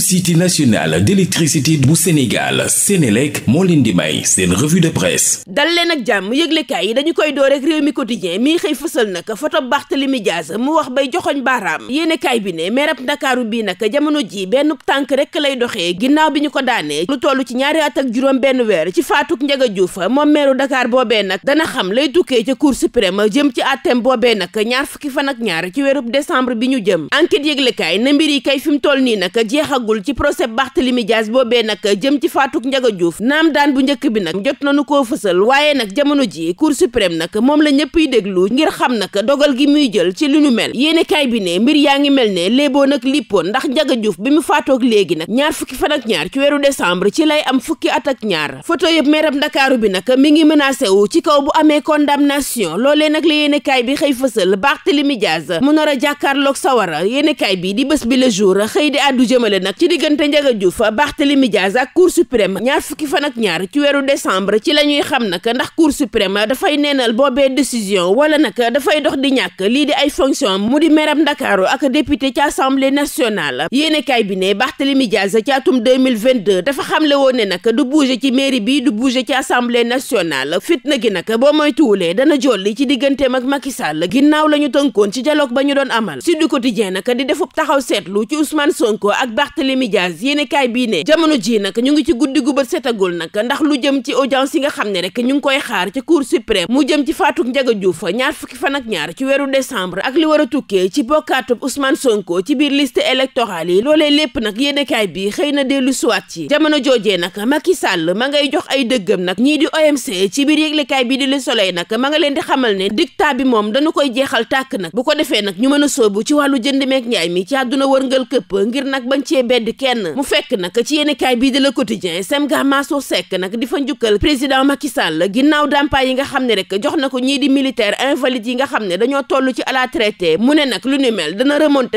société nationale d'électricité bu Sénégal Sénélec moo leen di may seen revue de presse dal leen ak jàmm yëglekaay yi dañu koy door rek réew mi quotidien mii xëy fësal naka photo Barthélémy Dias mu wax bay joxoñ baaraam yéenekaay bi ne meerab Ndakaaru bii naka jamono ji benn tànk rek lay doxee ginnaaw bi ñu ko daanee lu toll ci ñaari at ak juróom benn weer ci faatuk Ndiaga Diouf moom meeru Dakar boobee nag dana xam lay tukkee ca Cour suprême jëm ci àtteem boobee nag ñaar fukki fan ak ñaar ci bi ñu àggul ci procès Barthélémy Dias boobee nag jëm ci faatuk Ndiaga Diouf naam daan bu njëkk bi nag jot nañu koo fësal waaye nag jamono ji cour suprême nag moom la ñëpp yi déglu ngir xam nag dogal gi muy jël ci li nu mel yéene kaay bi ne mbir yaa ngi mel ne léeboo nag lippoon ndax Ndiaga Diouf bi mu faatoog léegi nag ñaar fukki fan ak ñaar ci weeru décembre ci lay am fukki at ñaar photo yëpp meeram Ndakaaru bi nag mi ngi menacé wu ci kaw bu amee condamnation loolee nag la yéene kaay bi xëy fësal Barthélémy Dias mu nar a jàkkaarloog sawara yéene kaay bi di bés bi le jour xëy di àddu jëmale nag ci diggante Ndiaga Diouf Barthélémy Dias ak cour suprême ñaar fukki fan ak ñaar ci weeru décembre ci lañuy xam nag ndax cour suprême dafay neenal boobee décision wala nag dafay dox di ñàkk lii di ay fonction mu di meram Ndakaaru ak député ci assemblée nationale yéenekaay bi ne Barthélémy Dias ci atum 2022 dafa xamle woon ne nag du bouger ci mairie bi du bouger ci assemblée nationale fitna gi nag boo moytuwulee dana jolli ci digganteem ak Macky Sall ginnaaw la ñu tënkoon ci dialogue ba ñu doon amal Sud Quotidien nag di defub taxaw seetlu ci Ousmane Sonko ak Barthélemy Dias yéenekaay bii ne jamono ji nag ñu ngi ci guddi gu bët setagul nag ndax lu jëm ci audience yi nga xam ne rek ñu ngi koy xaar ci cour suprême mu jëm ci faatuk Njaga Juuf ñaar fukki fan ak ñaar ci weru décembre ak li war a tukkee ci bokkaatub Ousmane Sonko ci biir list électorale yi loolee lépp nag yéenekaay bi xëy na dellu suwaat ci jamono joojee nag Macky Sall ma ngay jox ay dëggam nag ñii di OMC ci biir yëglekaay bi di Le Soleil nag ma nga leen di xamal ne dictat bi moom dañu koy jeexal tàkk nag bu ko defee nag ñu mën a soobu ci wàllu jënd meek njaay mi ci àdduna wërngal këpp ngir nag bañ cee bedd kenn mu fekk nag ci kaay bii di Le Quotidien Semga Mansour Seck nag di fa njukkal président Macky Sall ginnaaw dàmpaay yi nga xam ne rek jox na ko ñii di militaire invalide yi nga xam ne dañoo toll ci à la traité mu ne nag lu ni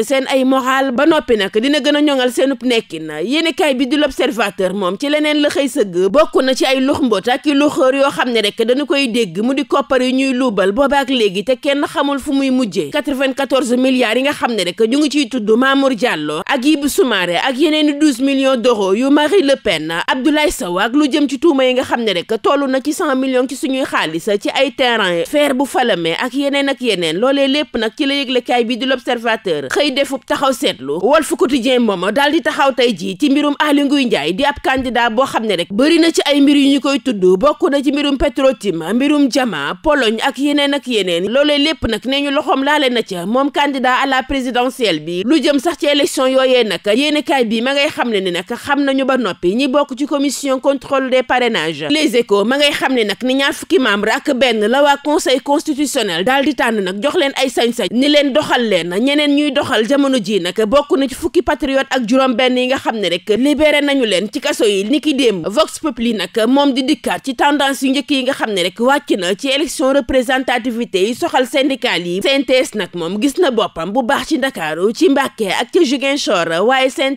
seen ay moral ba noppi nag dina gën a ñoŋal seenub nekkin yéenekaay bi di L'Observateur moom ci leneen xëy sëgg bokk na ci ay lux mbot ak i yoo xam ne rek dañu koy dégg mu di koppar yi ñuy luubal boobaak léegi te kenn xamul fu muy mujjee 94 milliards yi nga xam ne rek ñu ngi ciy tudd Mamour Diallo ak Ibou Soumaré ak yeneen i douze millions d'euros yu Marie Le Pen Abdoulaye Sow ak lu jëm ci tuuma yi nga xam ne rek tollu na ci cent millions ci suñuy xaalis ci ay terrain fer bu falame ak yeneen ak yeneen loole lépp nag ci la bi di l'observateur xëy defub taxaw seetlu Walf Quotidien moom daal di taxaw tey jii ci mbirum Aly Ngouille di ab candidat boo xam ne rek bëri na ci ay mbir yu ñu koy tudd bokk na ci mbirum Petrotim mbirum Jama Pologne ak yeneen ak yeneen loolee lépp nag nee ñu loxoom laale na ca moom candidat à la présidentielle bi lu jëm sax ci élection yooyee nag yéen yéenekaay bi ma ngay xam ne ni nag xam nañu ba noppi ñi bokk ci commission contrôle des parrainages les échos ma ngay xam ne nag ni ñaar fukki membre ak benn la waa conseil constitutionnel daal di tànn nag jox leen ay sañ-sañ ni leen doxal leen ñeneen ñuy doxal jamono ji nag bokk na ci fukki patriote ak juróom benn yi nga xam ne rek libéré nañu leen ci kaso yi ni ki démb Vox Populi nag moom di dikkaat ci tendance yu njëkk yi nga xam ne rek wàcc na ci élection représentativité yi soxal syndical yi CNTS nag moom gis na boppam bu baax ci Ndakaaru ci Mbàkke ak ca Ziguinchor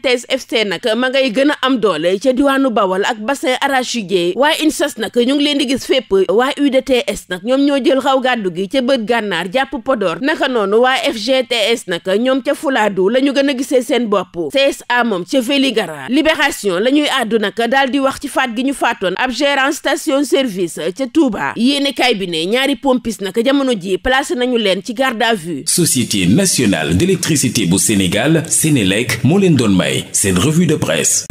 CNTS FC nag ma ngay gën a am doole ca diwaanu Bawol ak bassin arachidier waa INSAS nag ñu ngi leen di gis fépp waa UDTS nag ñoom ñoo jël xaw gàddu gi ca bët gànnaar jàpp Podor naka noonu waa FGTS nag ñoom ca Fulaadu la ñu gën a gisee seen bopp CSA moom ca Vélingara Libération la ñuy àddu nag daal di wax ci faat gi ñu faatoon ab gérant station service ca Touba yéenekaay bi ne ñaari pompis nag jamono ji placé nañu leen ci garde à vue. Société nationale d'électricité bu Sénégal Ndiaye seen revue de presse